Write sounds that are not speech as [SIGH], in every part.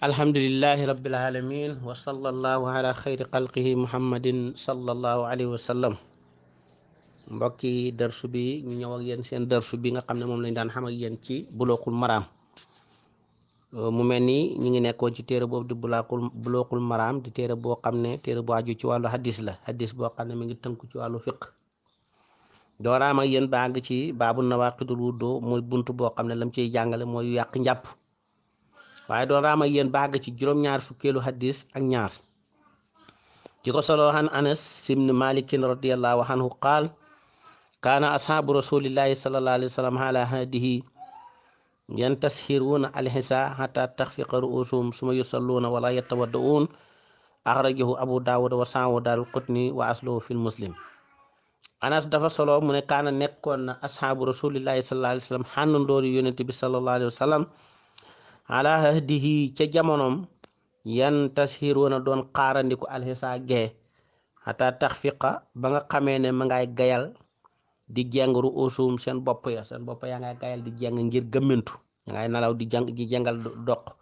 alhamdulilahi rabbil alamin wa sallallahu ala xayri xalqihi muhammadin sallallahu alayhi wa mbokki darsu bi ñu ñëw ak yéen seen darsu bi nga xam ne moom lañ daan xam ak yéen ci bulookul maraam mu mel ni ñu ngi nekkoon ci téere boobu di bulaakul di téere boo xam ne téere bu aju ci wàllu hadis la hadis boo xam ne mi ngi tënku ci wàllu fiq dooraam ak baa ngi ci baabu nawaqidul wuddoo muy bunt boo xam ne lam ciy jàngale mooy yàq njàpp waaye dooraam ak yéen bàgg ci juróom-ñaar fukkeelu hadis ak ñaar ci ko han anas simni malikin radiallahu anhu qaal kaana ashaabu rasulillahi salallahu alayhi wa sallam ala hadihi yantashiruuna alxisa xata taxfiqa ruusuhum suma yusalluuna wala yatawadda'uun axrajahu abu daawuda wa saawu daarul qutni wa asluhu fil muslim anas dafa solo mu ne kaana nekkoon ashaabu rasulillahi salallahu alayhi wa sallam xànnandooru yonente bi salallahu alayhi ala hahdihi ca jamonoom yan tashiroona doon xaarandiku alxisa gee xataa tax fiqa ba nga xamee ne ma ngay gayal di jeng ru ausum seen bopp ya seen bopp ya ngay gayal di jeng ngir gëmmintu yaa ngay nalaw di jàng di jengal doq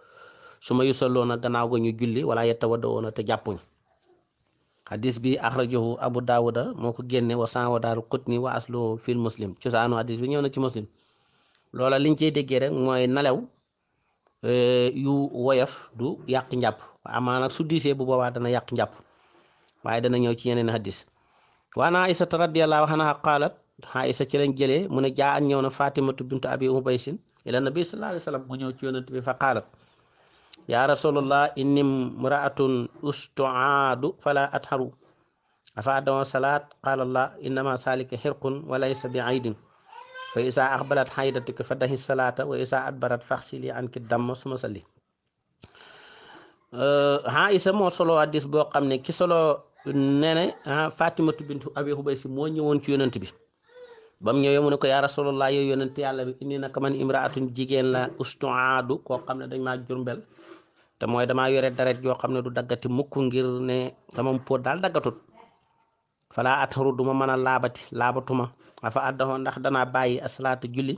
su ma yusaloona gannaaw ga ñu julli wala yetawaddawoona te jàppuñ hadis bi axrajahu abu daawuda moo ko génne wa sanwa daaru xutni wa aslo fil muslim cosaanu hadis bi ñëw na ci muslim loola liñ cey déggee rek mooy nalew Eh, yu woyof du yàq njàpp amaana su diisee bu boobaa dana yàq njàpp waaye dana ñëw ci yeneen hadis waan aïsata radiallahu anha qaalat aïsa ci lañ jëlee mu ne jaa an ñëw na fatimatu bintu abi ubaysin ila nabi sallallahu alayhi wasallam mu ñëw ci yonent bi fa qaalat yaa rasulallah inni mraatun ustuaadu fala atharu afa adama salaat qaala allah innama salika xirqun wa laysa bi aydin fa isaa axbarat xaydatuka fa daxi salaata wa isaa adbarat faxsili anki damm suma salli ha isa moo solo hadis boo xam ne ki solo nee ne ah Fatimatu bintu Abi Xubays moo ñëwoon ci yonent bi ba mu ñëwee mu ne ko yaa rasulallah yow yonent yàlla bi indi naka man imraatun jigéen la ustuaadu koo xam ne dañ maa jurmbel te mooy damaa yore deret yoo xam ne du daggati mukk ngir ne sama pot daal daggatut. fala atharu duma mën a laabati laabatuma afa addaxoo ndax danaa bàyyi asalaatu julli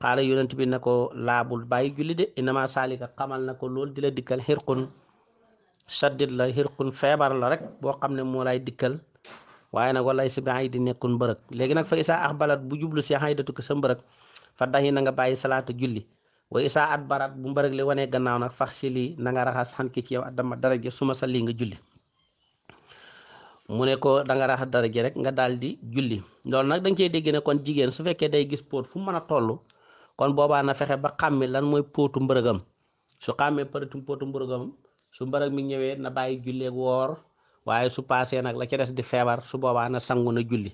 xaala yonent bi na ko laabul bàyyi julli de inama saalika xamal na ko lool di la dikkal xirqun saddit la xirqun feebar la rek boo xam ne moo lay dikkal waaye nag walay si bi ay di nekkul mbërëg léegi nag fa isaa axbalat bu jublu si ay datu ko sa mbërëg fa daxi na nga bàyyi salaatu julli wa isaa at barat bu mbërëg li wanee gannaaw nag fax si lii na nga raxas xan ki ci yow suma sa lii julli mu ne ko da nga raxas dara ji rek nga daal di julli loolu nag dañ cey dégg ne kon jigéen su fekkee day gis pot fu mën a toll kon boobaa na fexe ba xàmmi lan mooy póotu mbërëgam su xàmmee përëtum póotu mbërëgam su mbërëg mi ñëwee na bàyyi julleeg woor waaye su paasee nag la ca des di feebar su boobaa na sangu na julli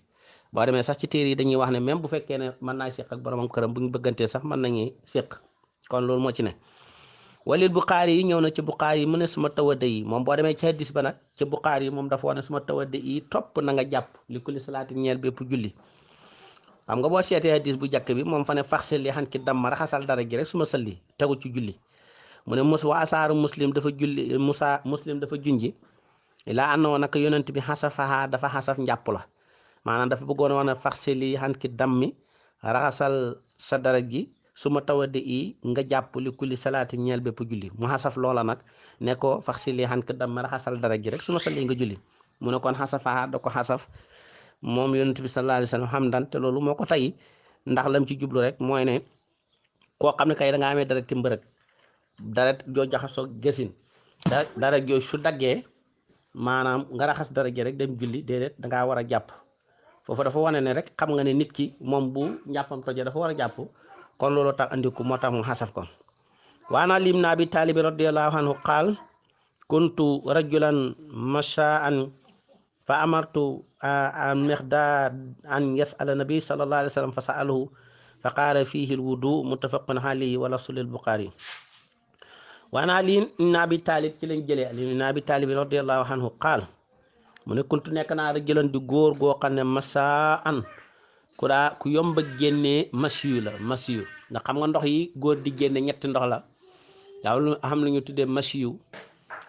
boo demee sax ci téere yi dañuy wax ne même bu fekkee ne mën naa séq ak boromam këram bu ñu bëggantee sax mën nañuy séq kon loolu moo ci ne walil buxaari yi ñëw na ci buxaari yi mu ne suma tawadde yi moom boo demee ci hadis ba nag ci buxaari yi moom dafa wax ne suma tawadde yi topp na nga jàpp li kulli salaati ñeel bépp julli xam nga boo seetee hadis bu jàkk bi moom fane ne faxsil li xan ki damma raxasal dara ji suma salli tegu ci julli mu ne mus wa asaaru muslim dafa julli musa muslim dafa junji laa àndoon nag yonent bi xasafaha dafa xasaf njàpp la maanaam dafa bëggoon a wax ne faxsil li xan ki dammi raxasal sa dara ji su ma tawade i nga jàpp li kulli salaati ñeel bépp julli mu xasaf loola nag nekkoo fax si lii xànk dam ma raxasal dara ji rek su ma sali nga julli mu ne kon xasafaha da ko xasaf moom yonent bi sallallahu alayhi wa sallam xamdan loolu moo ko tey ndax lam ci jublu rek mooy ne koo xam ne kay da nga amee dara ti mbërëg joo jaxasoo gësin dara joo su daggee maanaam nga raxas dara ji rek dem julli déedéet da war a jàpp foofu dafa wane ne rek xam nga ne nit ki moom bu njàppam toje dafa war a jàpp kon loolu andi ko moo tax mu xasaf ko waana lim na bi taalibi radiallahu anhu qaal kuntu rajulan mashaan fa amartu an miqdaad an yasala nabi sallallahu alayhi wa sallam fa saalahu fa qaala fihi lwudu muttafaqun alayhi wa rasulil waana li na bi taalib ci lañ jëlee li na bi taalibi radiallahu anhu qaal mu ne kuntu nekk naa rajulan di góor goo xam ne masaan ku daa ku yomba génnee masiyu la ndax xam nga ndox yi góor di génne ñetti ndox la daaw xam lu ñu tuddee masiyu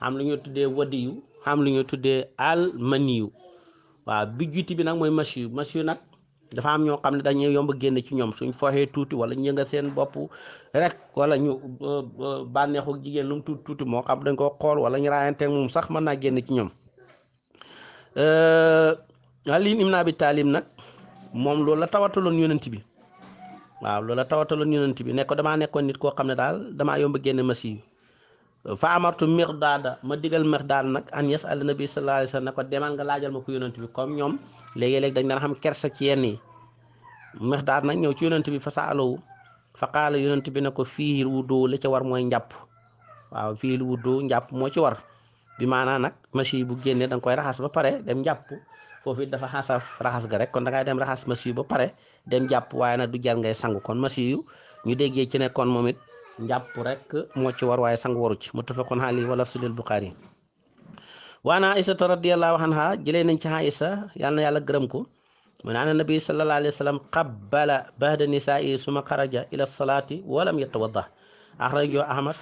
am lu ñu tuddee wadiyu am lu ñu tuddee almaniyu waaw bi juti bi nag mooy masiyu masiyu nag dafa am ñoo xam ne dañuy yomb génn ci ñoom suñ fooxee tuuti wala ñu nga seen bopp rek wala ñu banneexu jigéen lu mu tuuti tuuti moo xam dañ ko xool wala ñu raayanteeg moom sax mën naa génne ci ñoom euh, Ali ibn Abi Talib nag moom loolu la tawataloon yonent bi waaw loola tawataloon yonent bi ne damaa nekkoon nit ko xam ne daal damaa yomb génne masiiw fa amartu Miqdaada ma digal Miqdaad nag an yasal nabi sallallahu alayhi wa sallam ne ko demal nga laajal ma ko yonent bi comme ñoom léegi-léeg dañ daan xam kersa ci yenn meex Miqdaad nag ñëw ci yonent bi fa saalowu fa qaala yonent bi ne ko fii wudu la ca war mooy njàpp waaw fii wudu njàpp moo ci war bi maanaa nag machine bu génnee da koy raxas ba pare dem njàpp foofu it dafa xasaf raxas ga rek kon da ngay dem raxas machine ba pare dem jàpp waaye nag du jar ngay sangu kon machine yu ñu déggee ci ne kon moom it njàpp rek moo ci war waaye sangu waru ci muttafaqun alayhi wala sulil buxaari wa ana aïsata radiallahu anha jëlee nañ ci aïsa yàlla na yàlla gërëm ko mu ne ana nabi sallallahu alayhi wa sallam qabbala bahda nisaa'i suma xaraja ila salaati walam yatawadda axrajo ahmad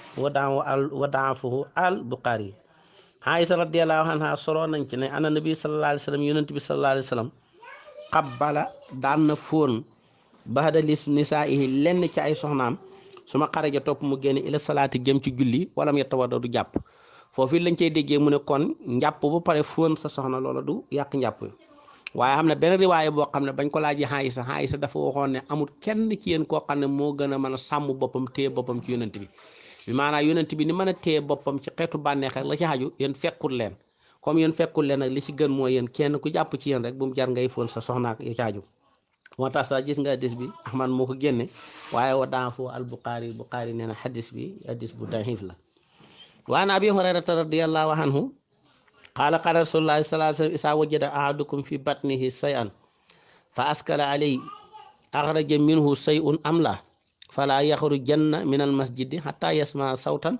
wa daafuhu al buxaari Aïsa radiyallahu anha soroon nañ ci ne ana nabi sallallahu alayhi wa sallam yonent bi sallallahu alayhi wa sallam xabbala daan na fóon baxda lis lenn ci ay soxnaam su ma xaraja topp mu génn ila salaati jëm ci julli wala mu yetawadda du jàpp foofu lañ cey déggee mu ne kon njàpp bu pare fóon sa soxna loola du yàq njàpp waaye xam ne benn riwaaya boo xam ne bañ ko laajee Aïsa Aïsa dafa waxoon ne amul kenn ci yéen koo xam ne moo gën a mën a sàmm boppam téye boppam ci yonent bi bi maanaam yonent bi ni mën a téye boppam ci xeetu bànneex rek la ci xaju yéen fekkul leen comme yéen fekkul leen nag li ci gën mooy yéen kenn ku jàpp ci yéen rek bu mu jar ngay fóon sa soxnaak ya caaju moo tax sax gis nga hadis bi ahmad moo ko génne waaye wa daan foo al buxaari buxaari nee na hadis bi hadis bu daxiif la wa an abi hurayrata radiallahu anhu qaala qaala rasulullahi sallallahu alayhi wa sallam isaa wajada ahadukum fi batnihi shay'an fa askala alayhi am la fala yaxrujanna min al masjidi xata yasma sawtan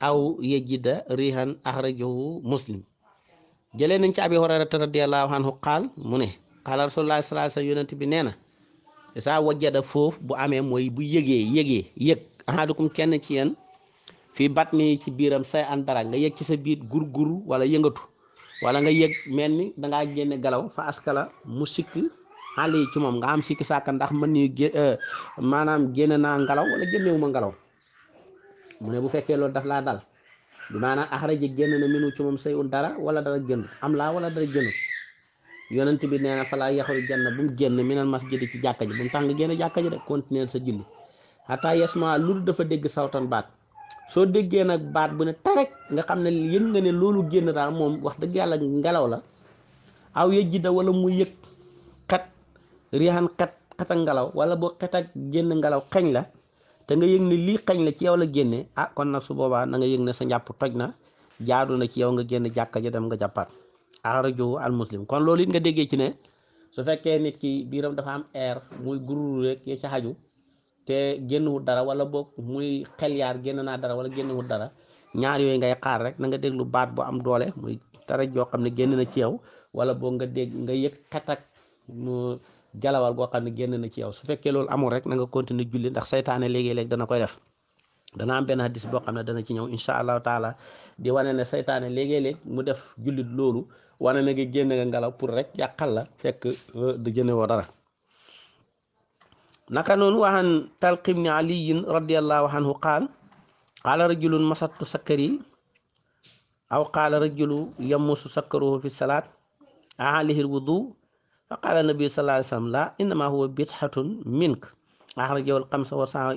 aw yajida rihan axrajahu muslim jëlee nañ ci abi hurayrata radiallahu anhu qaal mu ne qaala rasulullah sallallahu alayhi wasallam yonent bi nee na saa wajada foofu bu amee mooy bu yëgee yëgee yëg ahadukum kenn ci yéen fii bat mi ci biiram say andara dara nga yëg ci sa biir gur-gur wala yëngatu wala nga yég mel ni dangaa génne galaw fa askala mu sikk xale yi ci moom nga am sikki sàkk ndax man ni euh, maanaam génn naa ngelaw wala génnewu ma ngelaw mu ne bu fekkee loolu daf laa dal bi maanaam axraja génn na minu ci moom say ul dara wala dara génn am laa wala dara génn yonent bi nee na laa yaxru janna bu mu génn minal masjidi ci jàkka ji bu mu tax nga génn jàkka ji rek continuer sa julli xataa yasma lu dafa dégg sawtan baat soo déggee nag baat bu ne tarek nga xam ne yëg nga ne loolu génn daal moom wax dëgg yàlla ngelaw la aw yëg ji riixaan xet xet ak ngelaw wala boo xet génn ngelaw xeñ la te nga yëg ne lii xeñ la ci yow la génne ah kon nag su boobaa na nga yëg ne sa njàpp toj na jaadu na ci yow nga génn jàkka ja dem nga jàppaat axrajahu al muslim kon loolu it nga déggee ci ne su fekkee nit ki biiram dafa am air muy gururu ca xaju te génnwul dara wala boog muy xel génn naa dara wala génnwul dara ñaar yooyu ngay xaar rek na nga déglu baat bu am doole muy dara joo xam ne génn na ci yow wala boog nga dégg nga yëg xet jalawal goo xam ne génn na ci yow su fekkee loolu amul rek na nga continuer julli ndax saytaane léegi-léeg dana koy def dana am benn hadis boo xam ne dana ci ñëw incha allahu taala di wane ne seytaane léegi-léeg mu def jullit loolu wane na nga génn nga ngelaw pour rek yàqal la fekk euh, du génne woo dara naka noonu waxaan talqim ni aliyin radiallahu anhu qaal qaala rajulun masattu sakkari aw qaala rajulu yamusu sakkaruhu fi salaat ahalihi lwudu fa qaala nabi sallallahu alayhi laa innama huwa al-xamsa wa sahhahu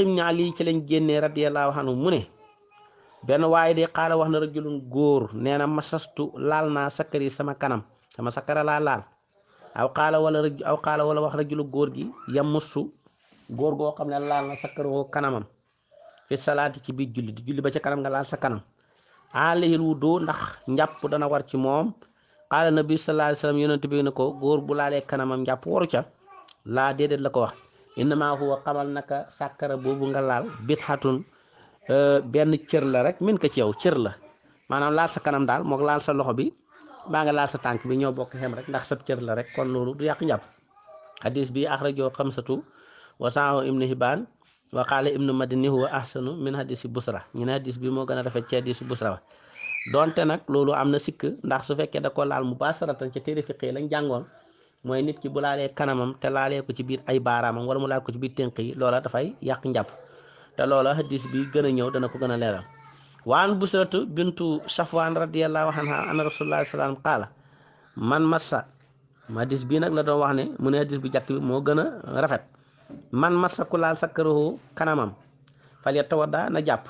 ibnu ci lañ génnee radiyallahu anhu mu ne benn de qaala wax na rajulun góor nee na masastu laal naa sakkari sama kanam sama sakkara laa laal aw qaala wala wax aw qaala wala wax rajulu góor gi yamussu góor goo xam ne laal na sakkaroo kanamam fi salaati ci biir julli di julli ba ca kanam nga laal sa kanam alayil wudu ndax njàpp dana war ci moom qaala nabi sallallahu alayhi wasallam yonent bi ne ko góor bu laalee kanamam njàpp waru ca laa déedéet la ko wax innama huwa xamal naka sàkkara boobu nga laal bidhatun euh, benn cër la rek min ko ci yow cër la maanaam laal sa kanam daal moog laal sa loxo bi baa nga laal sa tànk bi ñoo bokk xem rek ndax sa cër la rek kon loolu du yàq njàpp hadis bi axrajoo xamsatu wa saahu ibnu hibaan wa qaala ibnu madini huwa ahsanu min hadisi busra ñu ne hadis bi moo gën a rafet ci hadisi busra wa donte nag loolu am na sikk ndax su fekkee da ko laal mu baasaratan ca téere fiqi lañ jàngoon mooy nit ki bu laalee kanamam te laalee ko ci biir ay baaraamam wala mu laal ko ci biir tënk yi loola dafay yàq njàpp te loola hadis bi gën a ñëw dana ko gën a leeral waan busratu bintu safwaan radiallahu anha an rasulullah salaam qaala man massa hadis bii nag la doon wax ne mu ne hadis bu jàkk moo gën a rafet man masaku laal sakkarahu kanamam fal daa na jàpp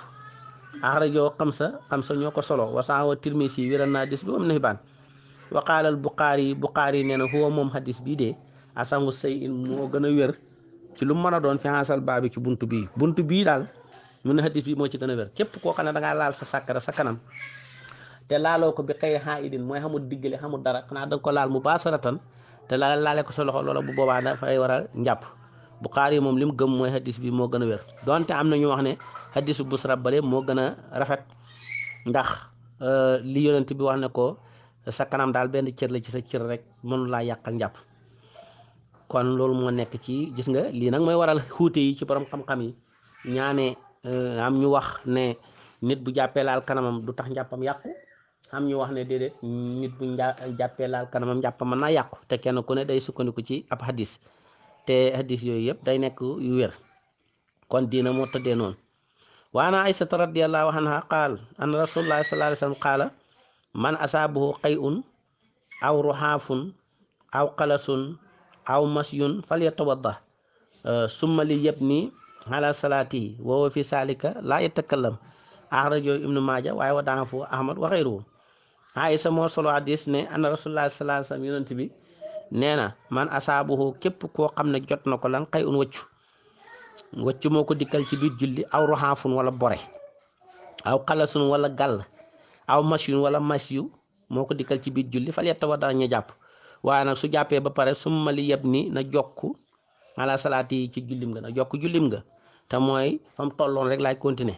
xam sa xamsa sa ñoo ko solo wa saxawa tirmisi yi wéral na hadis bi am na xibaan wa qaalal buxaari buxaari nee na huwa moom hadis bii de asangu say in moo gën a wér ci lu mën a doon fi xaasal baabi ci buntu bii buntu bii daal mu ne hadis bii moo ci gën a wér képp koo xam ne da laal sa sàkkara sa kanam te laaloo ko bi xëy xaa idin mooy xamul diggale xamul dara xanaa da ko laal mu baasaratan te laale ko sa loxo loola bu boobaa dafay waral njàpp bu Buxaari moom li mu gëm mooy hadis bi moo gën a wér donte am na ñu wax ne bu busra bale moo gën a rafet ndax euh, li yonent bi wax ne ko sa kanam daal benn cër la ci sa cër rek mënu laa yàq ak njàpp kon loolu moo nekk ci gis nga lii nag mooy waral xuute yi ci borom xam-xam yi ñaane euh, am ñu wax ne nit bu jàppee laal kanamam du tax njàppam yàqu am ñu wax ne déedéet nit bu jàppee laal kanamam njàppam mën naa yàqu te kenn ku ne day sukkandiku ci ab hadis te hadis yooyu yëpp day nekk yu wér kon diina moo tëddee noonu wa ana aysata radiallahu anha qaal an rasulullah sallallahu alayhi wasallam qaala man asaabahu qay'un aw ruhaafun aw qalasun aw masyun falyatawadda summa li yabni ala salaatihi wa huwa fi saalika laa yatakallam axrajo ibnu maaja waaye wa daafu ahmad wa xayruhu aïsa moo solo hadis ne ana rasulullah sallallahu alayhi wasallam yonent nee na man asaabuhu képp koo xam ne jot na ko lan xëy un wëccu moo ko dikkal ci biir julli aw roxaafun wala bore aw xalasun walla gàll aw masyun wala masyu moo ko dikkal ci biir julli fa yetta wa dana ñu jàpp waaye nag su jàppee ba pare summa mali yeb ni na jokk ala salaat yi ci jullim nga na jokk jullim nga te mooy fa mu tolloon rek laay continuer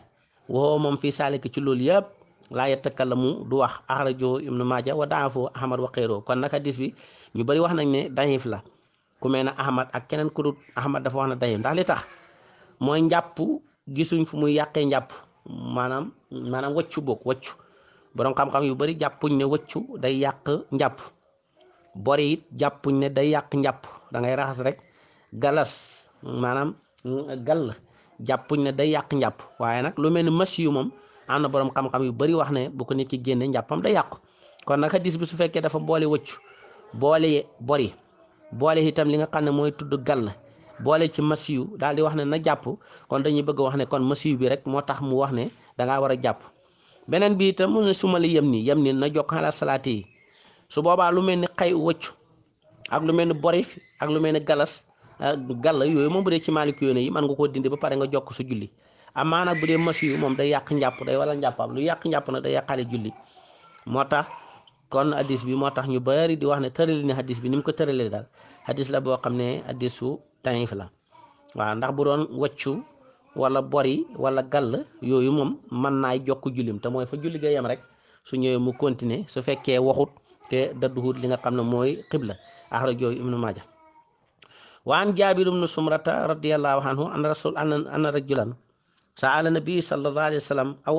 woo moom fii saalika ci loolu yëpp laa mu du wax axrajoo ibnu maaja wa daafoo wa xeyroo kon nag hadis bi ñu bari wax nañ ne dayif la ku mel ne Ahmad ak keneen ku dul Ahmad dafa wax na dayif ndax li tax mooy njàpp gisuñ fu muy yàqee njàpp maanaam maanaam wëccu boog wëccu borom xam-xam yu bari jàppuñ ne wëccu day yàq njàpp bori it jàppuñ ne day yàq njàpp da raxas rek galas maanaam gall jàppuñ ne day yàq njàpp waaye nag lu mel ni mas yu moom am na borom xam yu bari wax ne bu ko nit ki génne njàppam day yàqu kon nag hadis bi su fekkee dafa boole wëccu boole bori boole itam li nga xam ne mooy tudd gàll boole ci masiyu daal di wax ne na jàpp kon dañuy bëgg wax ne kon masiyu bi rek moo tax mu wax ne da war a jàpp beneen bi itam mu ne suma li yem ni yam ni na jokk ala salaati yi su boobaa lu mel ni xay wëcc ak lu mel ni bori ak lu mel ni galas gàll yooyu moom bu dee ci maalik yoone yi mën nga koo dindi ba pare nga jokk su julli amaana bu dee masiyu moom day yàq njàpp day wala njàppam lu yàq njàpp nag day yàqaale julli kon hadis bi moo tax ñu bari di wax ne tërali ne hadis bi ni mu ko tëralee daal hadis la boo xam ne hadisu taif la waaw ndax bu doon waccu wala bori wala gàll yooyu moom mën naay jokk jullim te mooy fa julli ga rek su ñëwee mu continuer su fekkee waxut te dadduhut li nga xam ne mooy xibla axraj yooyu ibnu maaja wa an jaabir ibnu sumrata radiallahu anhu an rasul ana rajulan saala nabi sallallahu alayhi wa sallam aw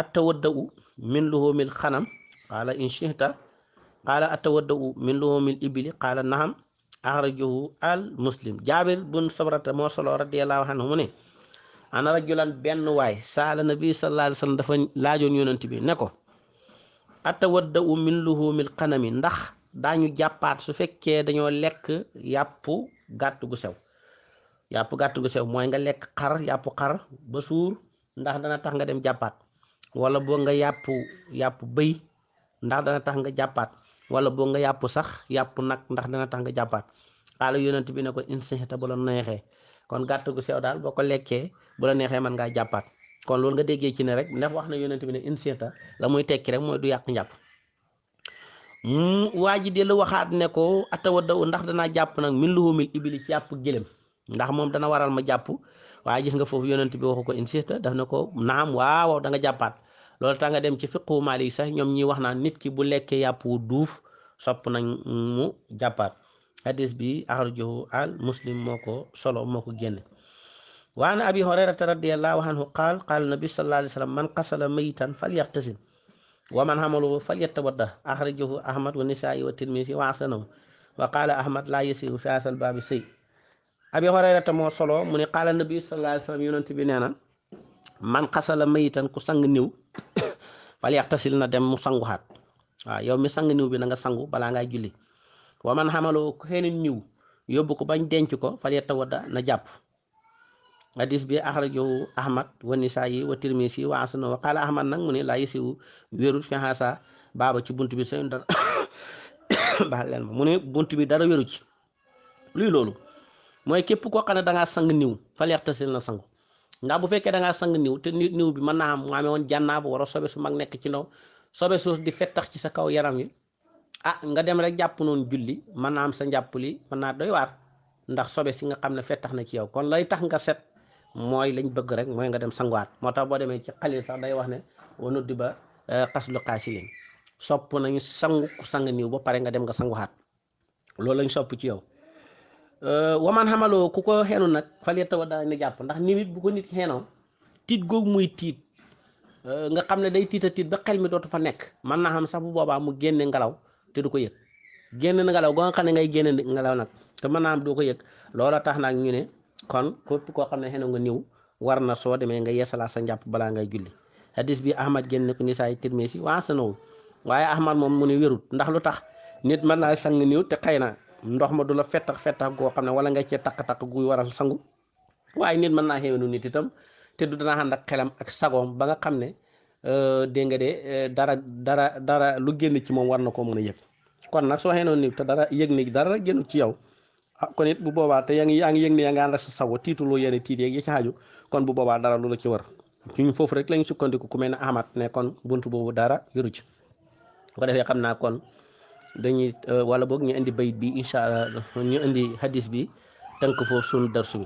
attawadda u min luhumil qaala in shihta qaala atawaddau min lumumil ibili qaala naham axrajahu al muslim jaabir bun sabrata moo solo radiallahu anhu mu ne ana rajulan benn waay saala nabi sallallahu alayhi wasallam dafa laajoon yonent bi ne ko atawaddau min luhumil xanami ndax daañu jàppaat su fekkee dañoo lekk yàpp gàtt gu sew yàpp gàtt gu sew mooy nga lekk xar yàpp xar ba suur ndax dana tax nga dem jàppaat wala boo nga yàpp yàpp bëy ndax dana tax nga jàppaat wala boo nga yàpp sax yàpp nag ndax dana tax nga jàppaat xaala yonent bi ne ko insixta bu la kon gàtt gu sew daal boo ko lekkee bu la neexee mën ngaa jàppaat kon lool nga déggee ci ne rek ndax wax na yonent bi ne insixta la muy tekki rek mooy du yàq njàpp waa ji dellu waxaat ne ko atawa daw ndax danaa jàpp nag min luhumil ibili ci yàpp gélém ndax moom dana waral ma jàpp waaye gis nga foofu yonent bi waxu ko insixta daf ne ko naam waaw da jàppaat loolu tax nga dem ci fiqu Maalik sax ñoom ñi wax naan nit ki bu lekkee yàpp wu duuf sopp na mu jàppaat hadis bi axrajahu al muslim moo ko solo moo ko génne wa an abi hurayrata radiallahu anhu qaal qaal nabi sallallahu alayhi wa sallam man xasala mayitan falyaxtasil wa man xamaluhu falyatawadda axrajahu ahmad wa tirmisi wa asanahu wa qaala ahmad laa yasiru fi asal baabi sëy abi hurayrata moo solo mu ne qaala nabi sallallahu alayhi wa sallam yonent nee na man xasala mayitan ku sang niw wala yaxtasil na dem mu sanguxaat waaw yow mi sang niw bi na sangu balaa ngaa julli wa man xamaloo ku xeneen niw yóbbu ko bañ denc ko fal yatawadda na jàpp hadis bi axrajahu ahmad wa nisaa'i wa tirmisi wa asana wa qaala ahmad nag mu ne laa yisiwu xaasa baaba ci bunt bi seen dara [COUGHS] baal mu bunt bi dara wéru ci luy loolu mooy képp koo xam ne dangaa sang niw fal yaxtasil na sangu ndax bu fekkee da ngaa sang niw te niw bi mën naa am mu amee woon jànnaab war a sobe su mag nekk ci ndaw sobe su di fettax ci sa kaw yaram yi ah nga dem rek jàpp noonu julli mën naa am sa njàpp li mën doy waar ndax sobe si nga xam ne fettax na ci yow kon lay tax nga set mooy lañ bëgg rek mooy nga dem sanguwaat moo tax boo demee ci xalil sax day wax ne wanu di ba xaslu eh, xaasilin sopp nañu sangu ku sang niw ba pare nga dem nga sanguwaat loolu lañ sopp ci yow Euh, waman xamaloo ku ko xeenu nag fal yettawa daa ni jàpp ndax nit bu ko nit xeenoo tiit googu muy tiit euh, nga xam ne day tiit a tiit ba dootu fa nekk mën naa xam sax bu boobaa mu génne ngelaw te du ko yëg génne ngelaw ba nga xam ne ngay ngelaw nag te mën doo ko yëg loola tax nag ñu ne kon képp koo xam ne xenu nga niw war na soo demee nga yeesalaat sa njàpp balaa ngay julli hadis bi ahmad génne ko nisaay tirmisi waa sanawul waaye ahmad moom mu ne wérut ndax lu tax nit mën naa sang niw te xay na ndox ma du la fettax fettax goo xam ne wala nga cee takk-takk guy waral sangu waaye nit mën naa xéwénu nit itam te du danaa ànd ak xelam ak sagoom ba nga xam ne euh, dégg nga de euh, dara dara dara lu génn ci moom war na koo mën a yëg kon nag soo xeenoon nit te dara yëg dara génn ci yow ah kon it bu boobaa te yaa ngi yaa ngi yëg ne yaa ngi ànd sa sago tiituloo yenn tiit yeeg yi kon bu boobaa dara lu la ci war ñu foofu rek lañu sukkandiku ku mel ne Ahmad ne kon bunt boobu dara yoru ci bu ko xam naa kon dañuy euh, wala boog ñu indi bayit bi incha allah ñu indi hadis bi tënk foofu suñu darsu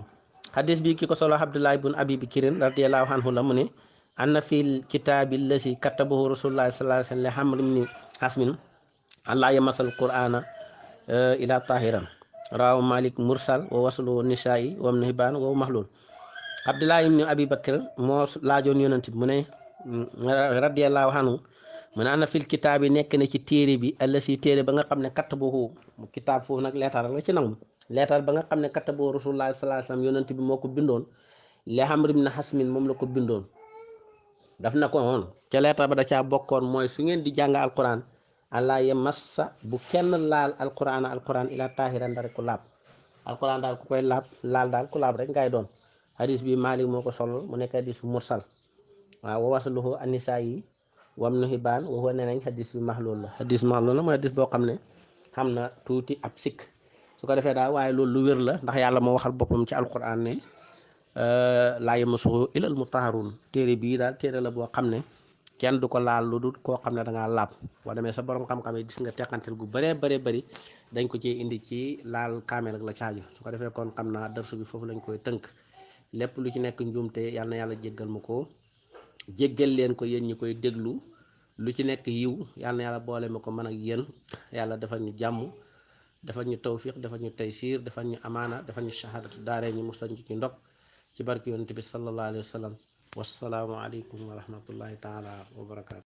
hadis bi ki ko solo Abdullah ibn Abi Bakrin radiyallahu anhu la mu ne anna fil kitaabi lasi katabahu rasulullah sallallahu alayhi wa sallam li Amr ibn Hasmin allah yamasal qur'ana euh, ila tahiran rawahu Malik mursal wa waslu nisaa'i wa ibn Hibban wa mahlul Abdullah ibn Abi Bakr moo laajoon yonent bi mu ne mm, radiyallahu anhu mu ne ana fil kitaab yi nekk na ci téere bi àlla téere ba nga xam ne katt boobu mu kitaab foofu nag leetar la ci nangu leetar ba nga xam ne katt boobu rasulullah sallallahu alayhi wasallam yonent bi moo ko bindoon li Amr ibn Hasmin moom la ko bindoon daf na ko woon ca leetar da caa bokkoon mooy su ngeen di jàng alquran allah ya massa bu kenn laal alquran alquran ila taahira ndare ko laab alquran daal ku koy laab laal daal ku rek ngay doon hadis bi Malik moo ko solo mu nekk hadis mursal waaw wa wasaluhu annisaa yi wam nu xibaan waxoon ne nañ xadis bi maxluul la xadis maxluul la mooy xadis boo xam ne xam na tuuti ab sikk su ko defee daal waaye loolu lu wér la ndax yàlla moo waxal boppam ci alquran ne euh, laa yamassuhu mu mutahharuun téere bii daal téere la boo xam ne kenn du ko laal lu dul koo xam ne da ngaa laab boo demee sa borom xam-xam yi gis nga teqantel gu bëree bëree bëri dañ ko ci indi ci laal kaamel ak la caaju su ko defee kon xam naa darsu foofu lañ koy tënk lépp lu ci nekk njuumte yàlla na yàlla jéggal ma ko. jéggal leen ko yéen ñi koy déglu lu ci nekk yiw yal yàlla boole ma ko man ak yéen yàlla defal ñu jàmm defal ñu tawfiq defal ñu taysiir defal ñu amaana defal ñu shahadatu daaree ñu musal ñu ci ndog ci barki yonent bi sallallahu alayhi wa wassalaamu aleykum wa rahmatullahi taala